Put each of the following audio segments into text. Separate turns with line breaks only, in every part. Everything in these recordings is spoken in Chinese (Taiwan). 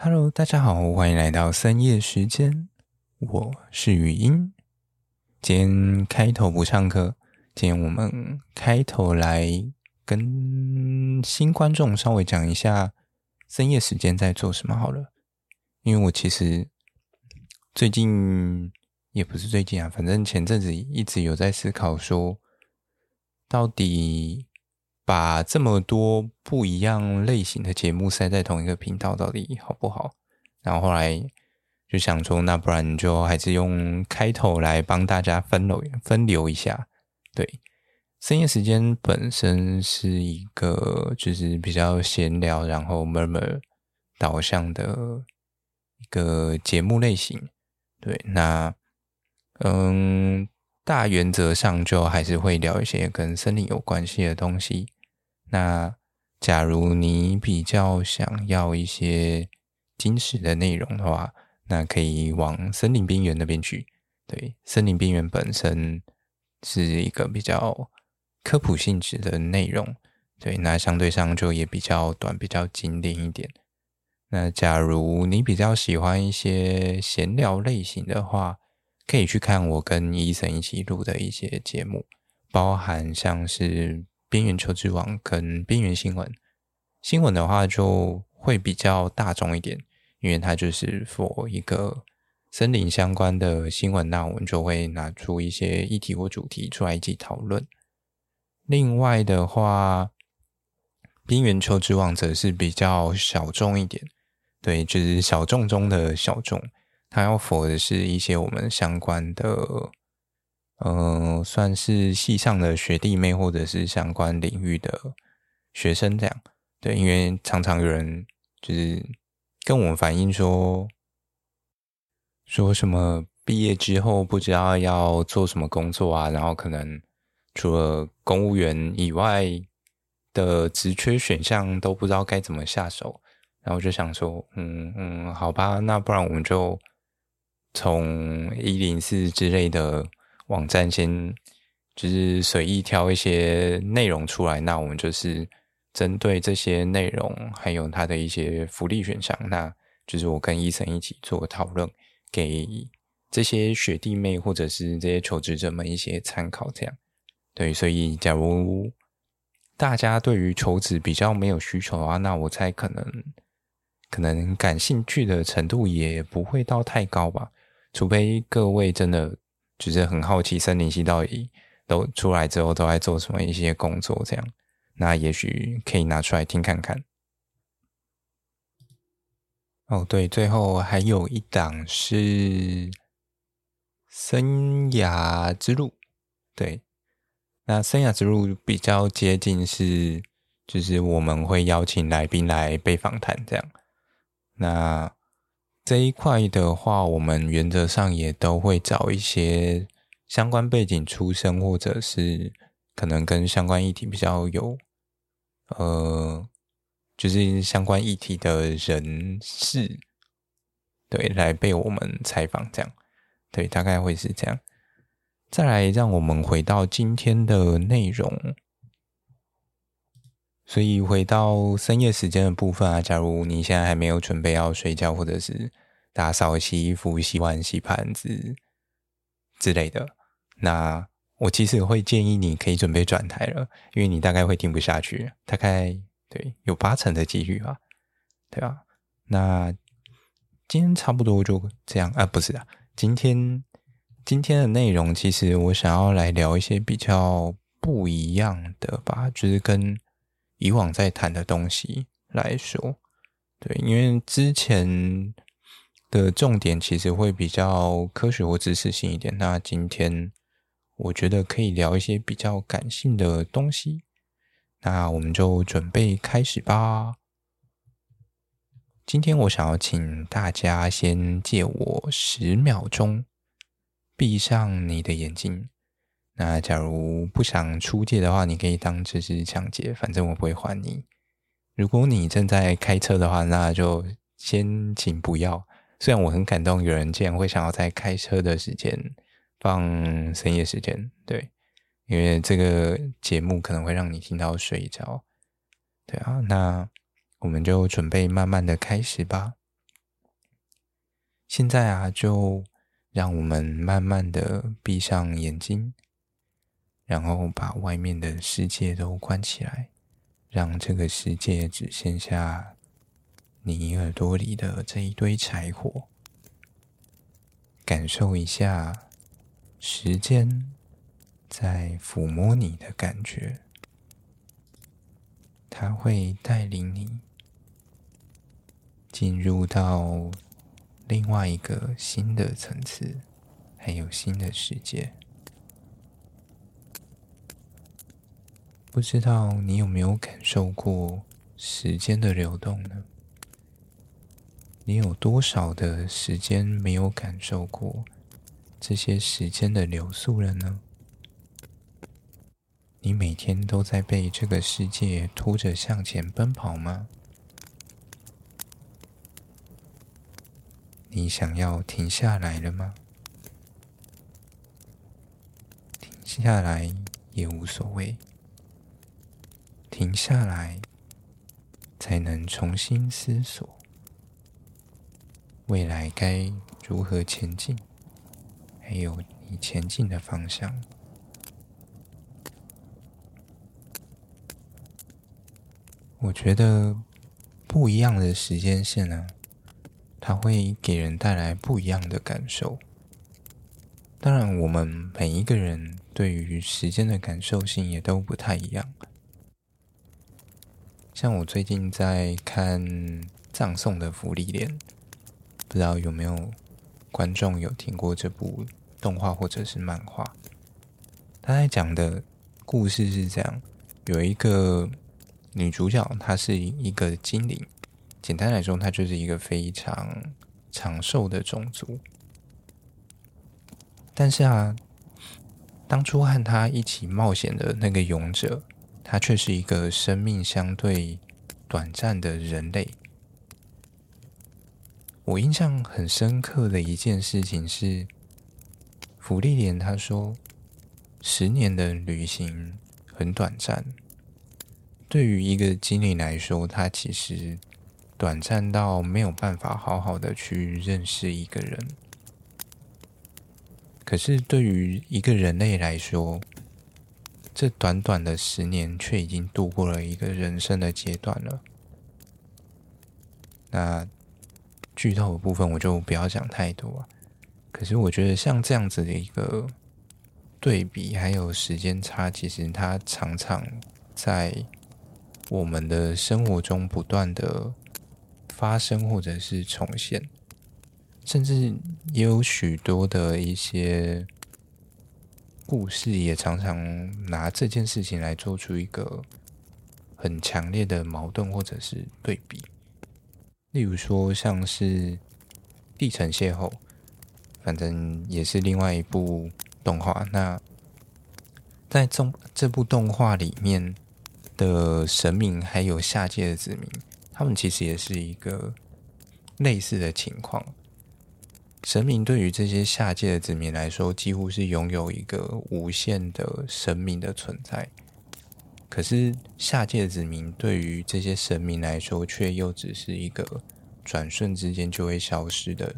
Hello，大家好，歡迎來到森夜時間。我是語音。今天開頭不上課，今天我們開頭來跟新觀眾稍微講一下森夜時間在做什麼好了。因為我其實最近也不是最近啊，反正前陣子一直有在思考說，到底。把這麼多不一樣類型的節目塞在同一個頻道，到底好不好？然後後來就想說，那不然就還是用開頭來幫大家分流分流一下。對，森夜時間本身是一個就是比較閒聊，然後 murmur 導向的一個節目類型。對，那嗯，大原則上就還是會聊一些跟森林有關係的東西。那假如你比較想要一些矜持的內容的話，那可以往森林邊緣那邊去。對，森林邊緣本身是一個比較科普性質的內容，對，那相對上就也比較短，比較經典一點。那假如你比較喜歡一些閒聊類型的話，可以去看我跟伊森一起錄的一些節目，包含像是。邊緣球之王跟邊緣新聞，新聞的話就會比較大眾一點，因為它就是 for 一個森林相關的新聞，那我們就會拿出一些議題或主題出來一起討論。另外的話，邊緣球之王則是比較小眾一點，對，就是小眾中的小眾，它要 for 的是一些我們相關的。嗯、呃，算是系上的學弟妹，或者是相關領域的學生這樣。對，因為常常有人就是跟我們反映說，說什麼畢業之後不知道要做什麼工作啊，然後可能除了公務員以外的職缺選項都不知道該怎麼下手。然後我就想說，嗯嗯，好吧，那不然我們就從104之類的。網站先就是隨意挑一些內容出來，那我們就是針對這些內容，還有它的一些福利選項，那就是我跟 Eason 一起做個討論，給這些學弟妹或者是這些求職者們一些參考這樣。對，所以假如大家對於求職比較沒有需求的話，那我猜可能可能感興趣的程度也不會到太高吧，除非各位真的。就是很好奇，森林系到底都出來之後都在做什麼一些工作？這樣，那也許可以拿出來聽看看。哦，對，最後還有一檔是《生涯之路》，對，那《生涯之路》比較接近是，就是我們會邀請來賓來被訪談這樣，那。這一塊的話，我們原則上也都會找一些相關背景出身，或者是可能跟相關議題比較有，呃，就是相關議題的人士，對，來被我們採訪。這樣，對，大概會是這樣。再來，讓我們回到今天的內容。所以回到深夜時間的部分啊，假如你現在還沒有準備要睡覺，或者是打掃、洗衣服、洗碗、洗盤子之類的，那我其實會建議你可以準備轉台了，因為你大概會聽不下去，大概對有八成的幾率吧。對啊，那今天差不多就這樣啊，不是啊，今天今天的內容其實我想要來聊一些比較不一樣的吧，就是跟以往在談的東西來說，對，因為之前的重點其實會比較科學或知識性一點。那今天我覺得可以聊一些比較感性的東西。那我們就準備開始吧。今天我想要請大家先借我十秒鐘，閉上你的眼睛。那假如不想出借的話，你可以當這是搶劫，反正我不會還你。如果你正在開車的話，那就先請不要。雖然我很感動，有人竟然會想要在開車的時間放森夜時間，對，因為這個節目可能會讓你聽到睡着。對啊，那我們就準備慢慢的開始吧。現在啊，就讓我們慢慢的閉上眼睛。然後把外面的世界都關起來，讓這個世界只剩下你耳朵裡的這一堆柴火。感受一下時間在撫摸你的感覺，它會帶領你進入到另外一個新的層次，還有新的世界。不知道你有沒有感受過時間的流動呢？你有多少的時間沒有感受過這些時間的流速了呢？你每天都在被這個世界拖着向前奔跑嗎？你想要停下來了嗎？停下來也無所謂。停下來，才能重新思索未來該如何前進，還有你前進的方向。我覺得不一樣的時間線呢、啊，它會給人帶來不一樣的感受。當然，我們每一個人對於時間的感受性也都不太一樣。像我最近在看《葬送的芙莉蓮》，不知道有沒有觀眾有聽過這部動畫或者是漫畫。他在講的故事是這樣：有一個女主角，她是一個精靈，簡單來說，她就是一個非常長壽的種族。但是啊，當初和她一起冒險的那個勇者。他卻是一個生命相對短暫的人類。我印象很深刻的一件事情是，芙莉蓮她說，十年的旅行很短暫，對於一個精靈來說，他其實短暫到沒有辦法好好的去認識一個人。可是對於一個人類來說，這短短的十年，卻已經度過了一個人生的階段了。那劇透的部分我就不要講太多啊。可是我覺得，像這樣子的一個對比，還有時間差，其實它常常在我們的生活中不斷的發生，或者是重現，甚至也有許多的一些。故事也常常拿這件事情來做出一個很強烈的矛盾或者是對比，例如說像是《地城邂逅》，反正也是另外一部動畫。那在中這部動畫裡面的神明還有下界的子民，他們其實也是一個類似的情況。神明對於這些下界的子民來說，幾乎是擁有一個無限的神明的存在。可是下界的子民對於這些神明來說，卻又只是一個轉瞬之間就會消失的。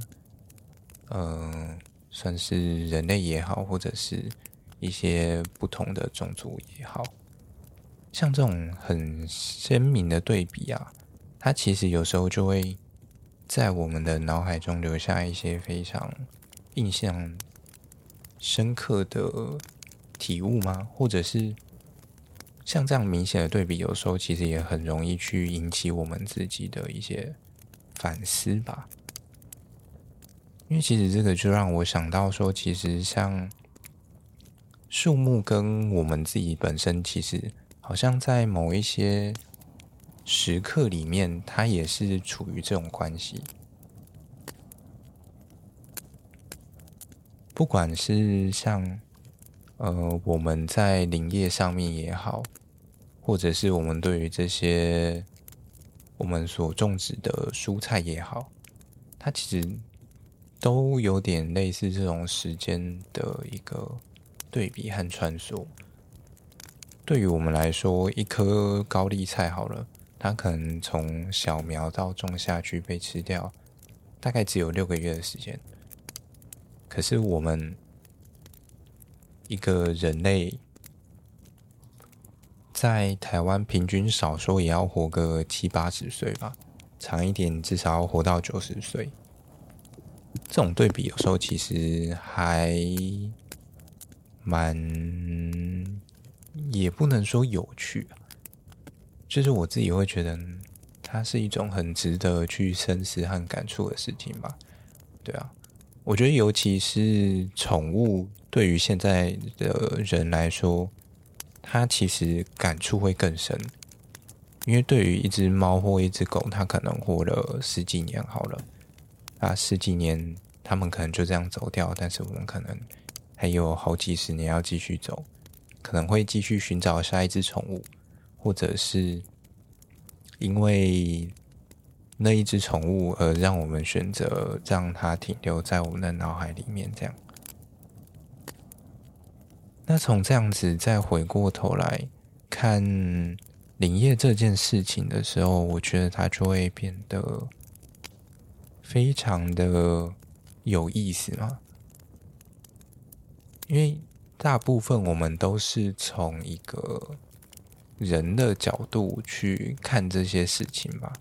嗯、呃，算是人類也好，或者是一些不同的種族也好，像這種很鮮明的對比啊，它其實有時候就會。在我們的腦海中留下一些非常印象深刻的體悟嗎？或者是像這樣明顯的對比，有時候其實也很容易去引起我們自己的一些反思吧。因為其實這個就讓我想到說，其實像樹木跟我們自己本身，其實好像在某一些。時刻裡面，它也是處於這種關係。不管是像，呃，我們在林業上面也好，或者是我們對於這些我們所種植的蔬菜也好，它其實都有點類似這種時間的一個對比和穿梭。對於我們來說，一顆高麗菜好了。它可能從小苗到種下去被吃掉，大概只有六個月的時間。可是我們一個人類在台灣平均少說也要活個七八十歲吧，長一點至少要活到九十歲。這種對比有時候其實還蠻也不能說有趣…啊。就是我自己會覺得，它是一種很值得去深思和感觸的事情吧。對啊，我覺得尤其是寵物對於現在的人來說，它其實感觸會更深，因為對於一只貓或一只狗，它可能活了十幾年好了，啊十幾年，它們可能就這樣走掉，但是我們可能還有好幾十年要繼續走，可能會繼續尋找下一只寵物。或者是因為那一隻寵物而讓我們選擇讓它停留在我們的腦海裡面，這樣。那從這樣子再回過頭來看林業這件事情的時候，我覺得它就會變得非常的有意思嘛。因為大部分我們都是從一個。人的角度，去看這些事情吧，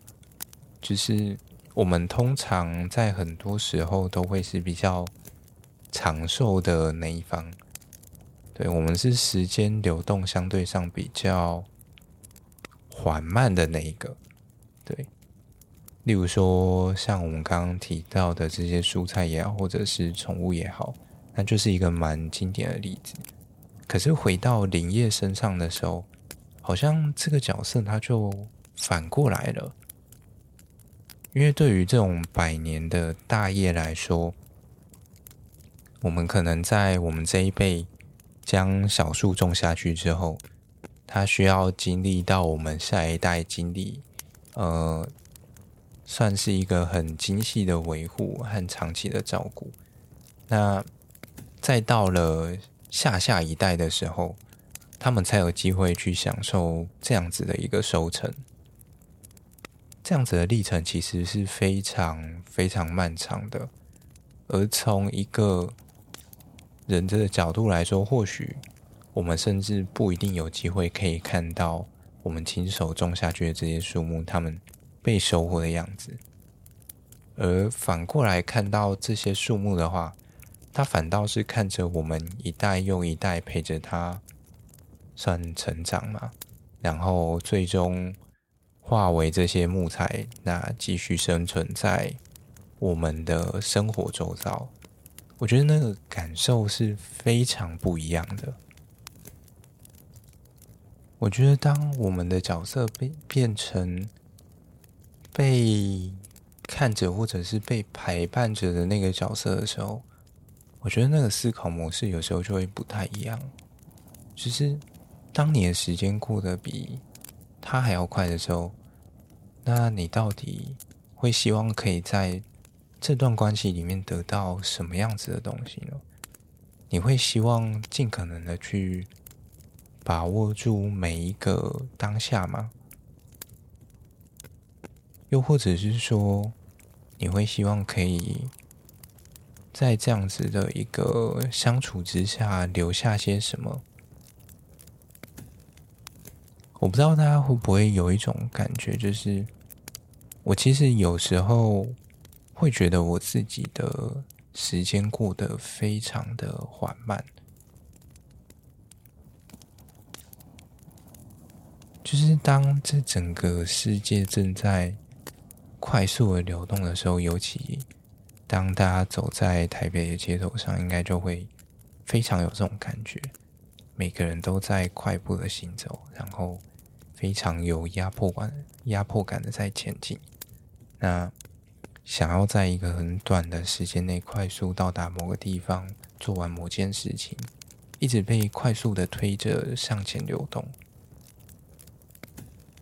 就是我們通常在很多時候都會是比較長壽的那一方，對，我們是時間流動相對上比較緩慢的那一個。對，例如說像我們剛剛提到的這些蔬菜也好，或者是寵物也好，那就是一個蠻經典的例子。可是回到林業身上的時候，好像這個角色他就反過來了，因為對於這種百年的大業來說，我們可能在我們這一輩將小樹種下去之後，它需要經歷到我們下一代經歷，呃，算是一個很精細的維護和長期的照顧。那再到了下下一代的時候，他們才有機會去享受這樣子的一個收成，這樣子的歷程其實是非常非常漫長的。而從一個人的角度來說，或許我們甚至不一定有機會可以看到我們親手種下去的這些樹木，它們被收穫的樣子。而反過來看到這些樹木的話，它反倒是看着我們一代又一代陪着他。算成長嘛，然後最終化為這些木材，那繼續生存在我們的生活周遭。我覺得那個感受是非常不一樣的。我覺得當我們的角色被變成被看着或者是被陪伴着的那個角色的時候，我覺得那個思考模式有時候就會不太一樣，其、就是。當你的時間過得比他還要快的時候，那你到底會希望可以在這段關係裡面得到什麼樣子的東西呢？你會希望盡可能的去把握住每一個當下嗎？又或者是說，你會希望可以在這樣子的一個相處之下留下些什麼？我不知道大家會不會有一種感覺，就是我其實有時候會覺得我自己的時間過得非常的緩慢。就是當這整個世界正在快速的流動的時候，尤其當大家走在台北的街頭上，應該就會非常有這種感覺。每個人都在快步的行走，然後。非常有壓迫感，壓迫感的在前進。那想要在一個很短的時間內快速到達某個地方，做完某件事情，一直被快速的推着向前流動。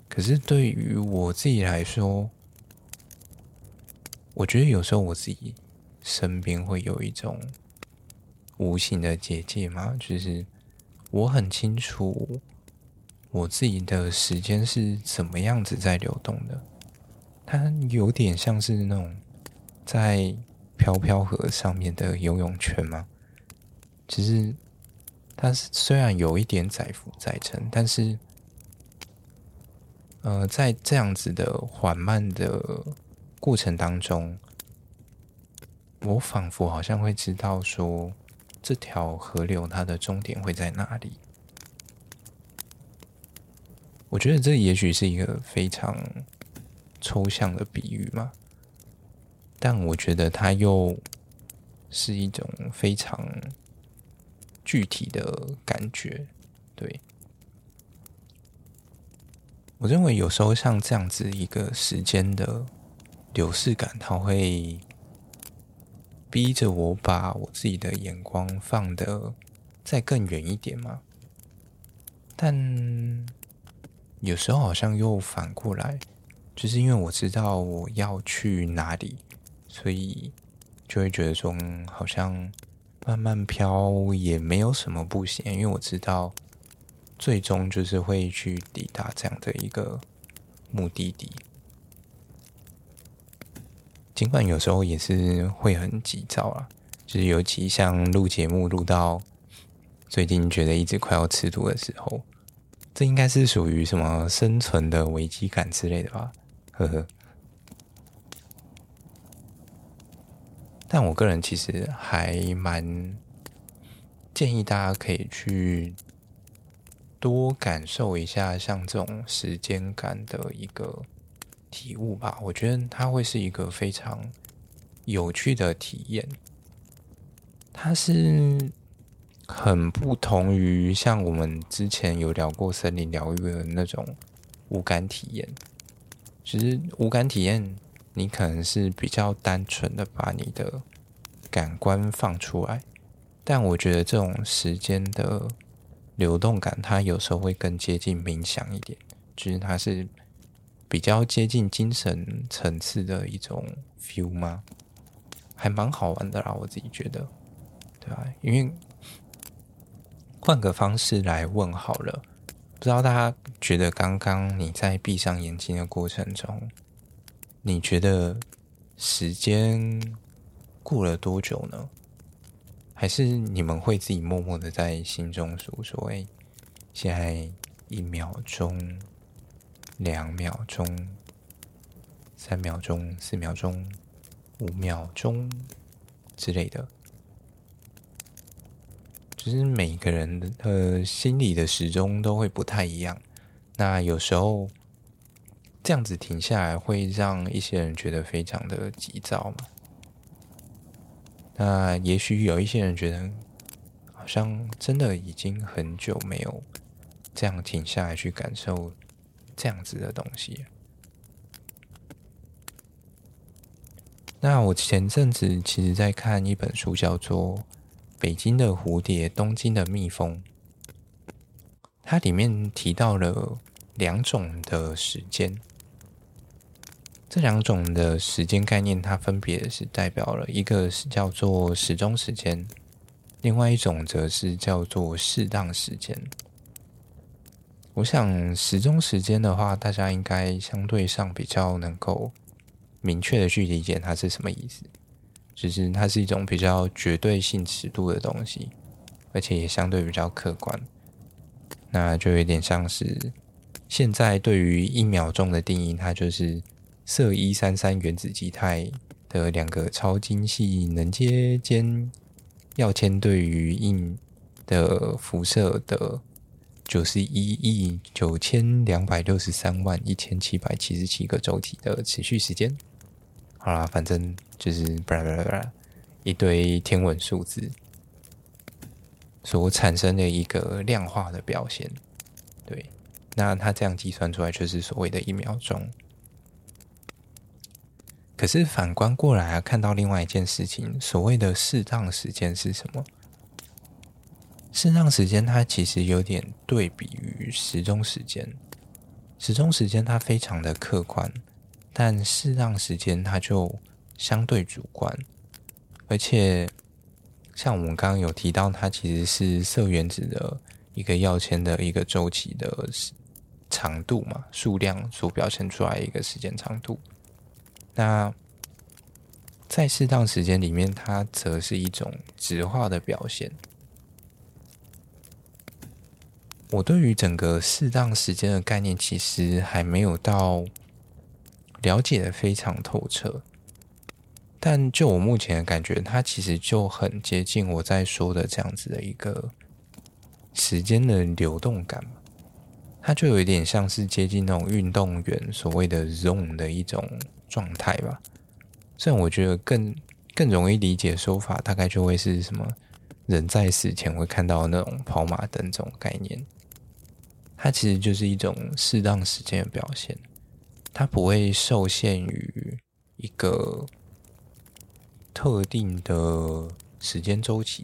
可是對於我自己來說，我覺得有時候我自己身邊會有一種無形的結界嘛，就是我很清楚。我自己的時間是怎麼樣子在流動的？它有點像是那種在飄飄河上面的游泳圈嗎？其實它雖然有一點載浮載沉，但是呃，在這樣子的緩慢的過程當中，我仿佛好像會知道說，這條河流它的終點會在哪裡。我覺得這也許是一個非常抽象的比喻嘛，但我覺得它又是一種非常具體的感覺。對，我認為有時候像這樣子一個時間的流逝感，它會逼着我把我自己的眼光放得再更遠一點嘛，但。有時候好像又反過來，就是因為我知道我要去哪裡，所以就會覺得說，好像慢慢飄也沒有什麼不行，因為我知道最終就是會去抵達這樣的一個目的地。儘管有時候也是會很急躁啦，啊，就是尤其像錄節目錄到最近，覺得一直快要吃土的時候。這應該是屬於什麼生存的危機感之類的吧，呵呵。但我個人其實還蠻建議大家可以去多感受一下像這種時間感的一個體悟吧，我覺得它會是一個非常有趣的體驗。它是。很不同於像我們之前有聊過森林療癒的那種無感體驗。其實無感體驗，你可能是比較單純的把你的感官放出來，但我覺得這種時間的流動感，它有時候會更接近冥想一點，其實它是比較接近精神層次的一種 feel 嗎？還蠻好玩的啦，我自己覺得，對啊，因為換個方式來問好了，不知道大家覺得剛剛你在閉上眼睛的過程中，你覺得時間過了多久呢？還是你們會自己默默的在心中數，說：“哎，現在一秒鐘、兩秒鐘、三秒鐘、四秒鐘、五秒鐘之類的。”其實每個人的心裡的時鐘都會不太一樣，那有時候這樣子停下來，會讓一些人覺得非常的急躁嘛。那也許有一些人覺得，好像真的已經很久沒有這樣停下來去感受這樣子的東西。那我前陣子其實在看一本書，叫做北京的蝴蝶，東京的蜜蜂。它裡面提到了兩種的時間，這兩種的時間概念，它分別是代表了一個是叫做時鐘時間，另外一種則是叫做適當時間。我想時鐘時間的話，大家應該相對上比較能夠明確的去理解它是什麼意思。其實它是一種比較絕對性尺度的東西，而且也相對比較客觀，那就有點像是現在對於一秒鐘的定義，它就是銫一三三原子基態的兩個超精細能階間躍遷對於硬的輻射的九十一億九千兩百六十三萬一千七百七十七個周期的持續時間。好啦，反正就是巴拉巴拉巴拉一堆天文數字所產生的一個量化的表現，對。那他這樣計算出來就是所謂的一秒鐘。可是反觀過來啊，看到另外一件事情，所謂的適當時間是什麼？適當時間它其實有點對比於時鐘時間，時鐘時間它非常的客觀。但適當時間，它就相對主觀，而且像我們剛剛有提到，它其實是銫原子的一個躍遷的一個周期的長度嘛，數量所表現出來一個時間長度。那在適當時間裡面，它則是一種直化的表現。我對於整個適當時間的概念，其實還沒有到。了解得非常透徹，但就我目前的感覺，它其實就很接近我在說的這樣子的一個時間的流動感嘛，它就有一點像是接近那種運動員所謂的 zone 的一種狀態吧。雖然我覺得更更容易理解說法，大概就會是什麼人在死前會看到那種跑馬燈這種概念，它其實就是一種適當時間的表現。它不會受限於一個特定的時間週期，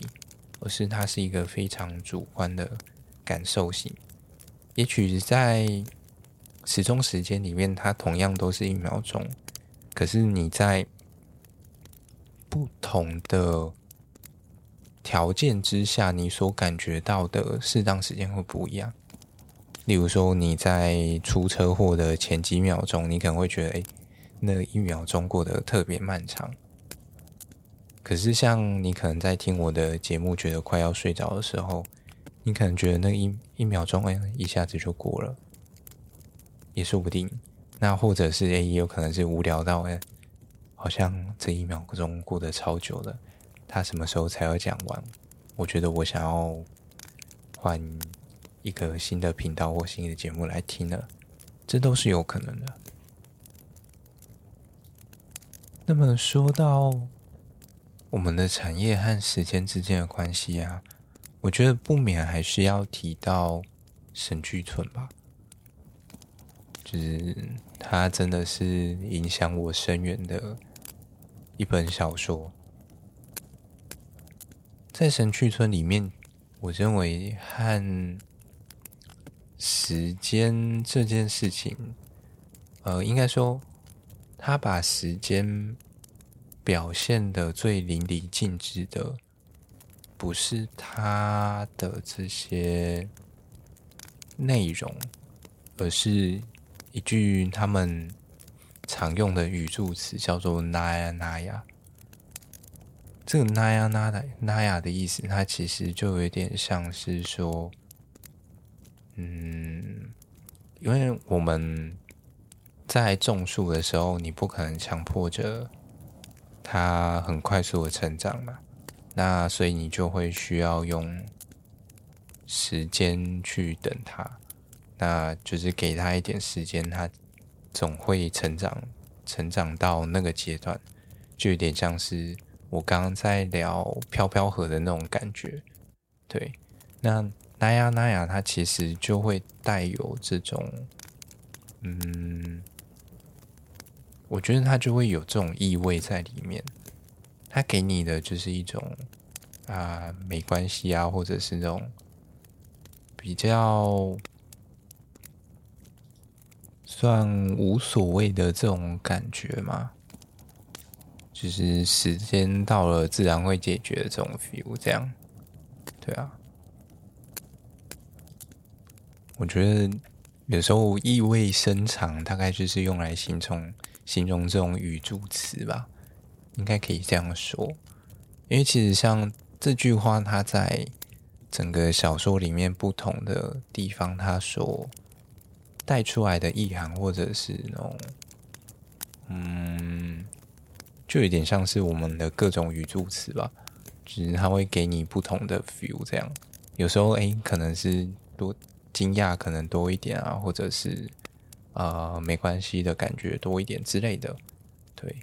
而是它是一個非常主觀的感受性。也許在時鐘時間裡面，它同樣都是一秒鐘，可是你在不同的條件之下，你所感覺到的適當時間會不一樣。例如說，你在出車禍的前幾秒鐘，你可能會覺得，誒、欸，那一秒鐘過得特別漫長。可是，像你可能在聽我的節目，覺得快要睡着的時候，你可能覺得那一一秒鐘，誒、欸，一下子就過了。也說不定，那或者是誒，也、欸，有可能是無聊到誒、欸，好像這一秒鐘過得超久了，他什麼時候才要講完？我覺得我想要換。一個新的頻道或新的節目來聽了，這都是有可能的。那麼說到我們的產業和時間之間的關係啊，我覺得不免還是要提到《神去村》吧，就是它真的是影響我深遠的一本小說。在《神去村》裡面，我認為和時間這件事情，呃，應該說，他把時間表現得最淋漓盡致的，不是他的這些內容，而是一句他們常用的語助詞，叫做「那呀那呀」。這個「那呀那呀」的意思，它其實就有點像是說。嗯，因為我們在種樹的時候，你不可能強迫着它很快速的成長嘛，那所以你就會需要用時間去等它，那就是給它一點時間，它總會成長，成長到那個階段，就有點像是我剛剛在聊飄飄河的那種感覺，對，那。那呀那呀，N aya N aya 它其實就會帶有這種，嗯，我覺得它就會有這種意味在裡面。它給你的就是一種啊、呃，沒關係啊，或者是那種比較算無所謂的這種感覺嘛。就是時間到了，自然會解決的這種 feel，這樣，對啊。我覺得有時候意味深長，大概就是用來形容形容這種語助詞吧，應該可以這樣說。因為其實像這句話，它在整個小說裡面不同的地方，它所帶出來的意涵，或者是那種，嗯，就有點像是我們的各種語助詞吧，只、就是它會給你不同的 feel。這樣有時候，哎、欸，可能是多。驚訝可能多一點啊，或者是，呃，沒關係的感覺多一點之類的，對。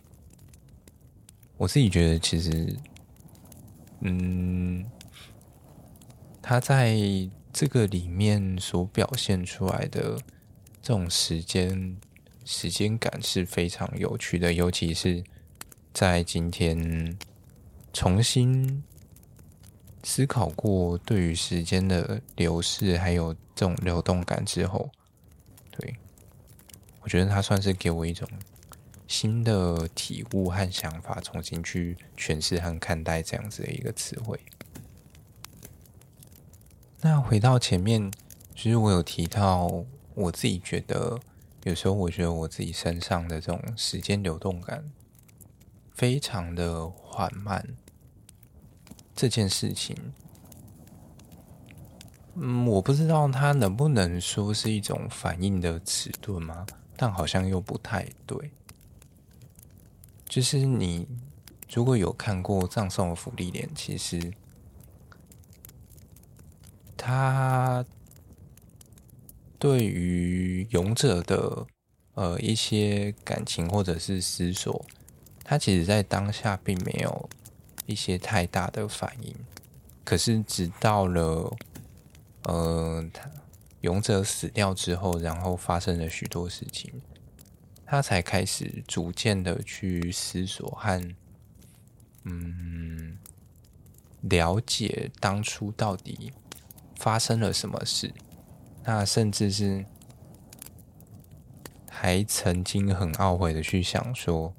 我自己覺得其實，嗯，他在這個裡面所表現出來的這種時間、時間感是非常有趣的，尤其是在今天重新。思考過對於時間的流逝，還有這種流動感之後，對，我覺得它算是給我一種新的體悟和想法，重新去詮釋和看待這樣子的一個詞彙。那回到前面，其實我有提到，我自己覺得有時候我覺得我自己身上的這種時間流動感非常的緩慢。這件事情，嗯，我不知道他能不能說是一種反應的遲鈍嗎？但好像又不太對。就是你如果有看過《葬送的芙莉蓮》，其實他對於勇者的，呃，一些感情或者是思索，他其實在當下並沒有。一些太大的反應，可是，直到了，呃，他，勇者死掉之後，然後發生了許多事情，他才開始逐漸的去思索和，嗯，了解當初到底發生了什麼事。那甚至是，還曾經很懊悔的去想說，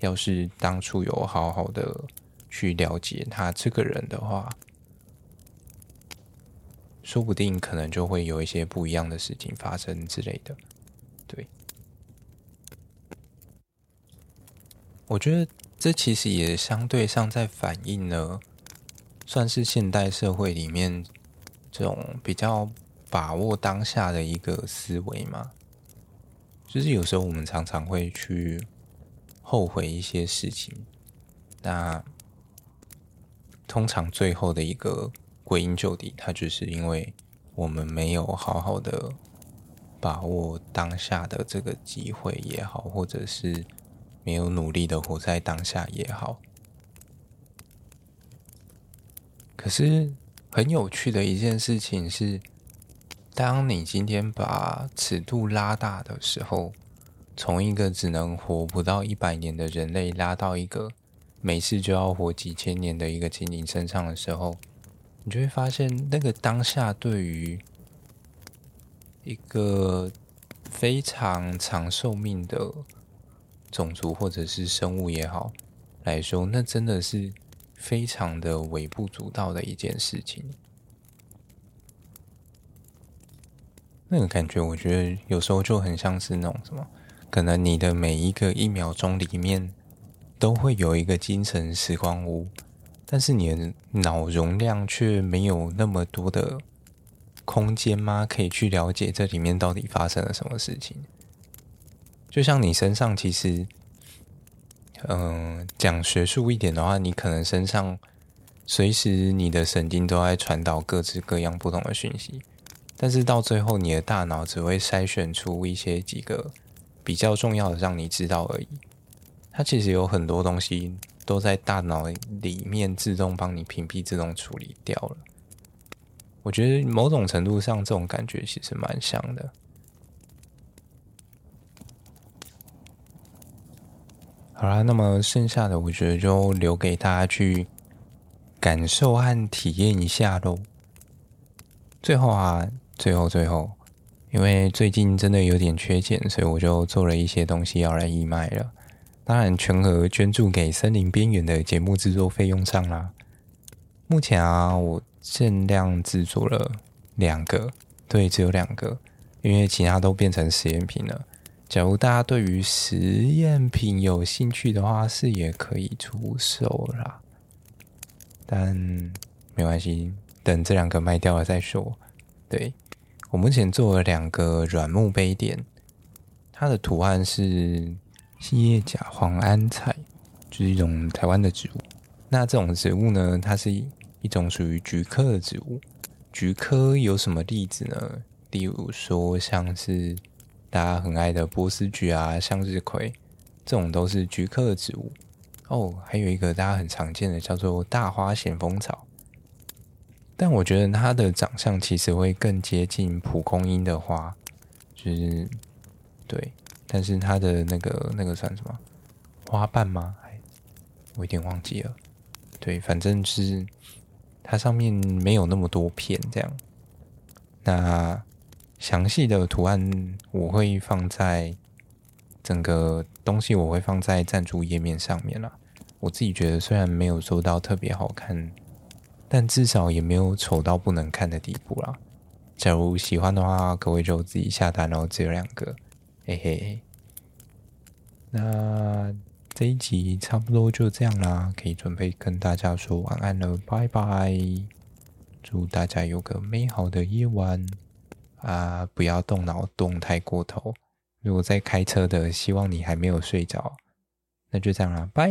要是當初有好好的。去了解他這個人的話，說不定可能就會有一些不一樣的事情發生之類的。對，我覺得這其實也相對上在反映了，算是現代社會裡面這種比較把握當下的一個思維嘛。就是有時候我們常常會去後悔一些事情，那。通常最後的一個歸因究底，它就是因為我們沒有好好的把握當下的這個機會也好，或者是沒有努力的活在當下也好。可是很有趣的一件事情是，當你今天把尺度拉大的時候，從一個只能活不到一百年的人類拉到一個。每次就要活幾千年的一個精靈身上的時候，你就會發現，那個當下對於一個非常長壽命的種族或者是生物也好來說，那真的是非常的微不足道的一件事情。那個感覺，我覺得有時候就很像是那種什麼，可能你的每一個一秒鐘裡面。都會有一個精神時光屋，但是你的腦容量卻沒有那麼多的空間嗎？可以去了解這裡面到底發生了什麼事情。就像你身上，其實，嗯、呃，講學術一點的話，你可能身上隨時你的神經都在傳導各式各樣不同的訊息，但是到最後，你的大腦只會篩選出一些幾個比較重要的，讓你知道而已。它其實有很多東西都在大腦裡面自動幫你屏蔽、自動處理掉了。我覺得某種程度上，這種感覺其實蠻像的。好啦，那麼剩下的我覺得就留給大家去感受和體驗一下嘍。最後啊，最後最後，因為最近真的有點缺錢，所以我就做了一些東西要來義賣了。當然，全額捐助給森林邊緣的節目制作費用上啦。目前啊，我限量制作了兩個，對，只有兩個，因為其他都變成實驗品了。假如大家對於實驗品有興趣的話，是也可以出售啦，但但沒關係，等這兩個賣掉了再說。對，我目前做了兩個軟木杯墊，它的圖案是，細葉假黃鵪菜就是一種台灣的植物。那這種植物呢，它是一種屬於菊科的植物。菊科有什麼例子呢？例如說，像是大家很愛的波斯菊啊、向日葵，這種都是菊科的植物。哦，還有一個大家很常見的叫做大花咸豐草，但我覺得它的長相其實會更接近蒲公英的花，就是對。但是它的那個那個算什麼花瓣嗎？我有點忘記了。對，反正是它上面沒有那麼多片這樣。那詳細的圖案我會放在整個東西，我會放在贊助頁面上面啦。我自己覺得雖然沒有做到特別好看，但至少也沒有醜到不能看的地步啦。假如喜歡的話，各位就自己下單，然後只有兩個。嘿嘿，那這一集差不多就這樣啦，可以準備跟大家說晚安了，拜拜！祝大家有個美好的夜晚。啊，不要動腦動太過頭，如果在開車的，希望你還沒有睡着，那就這樣啦，拜。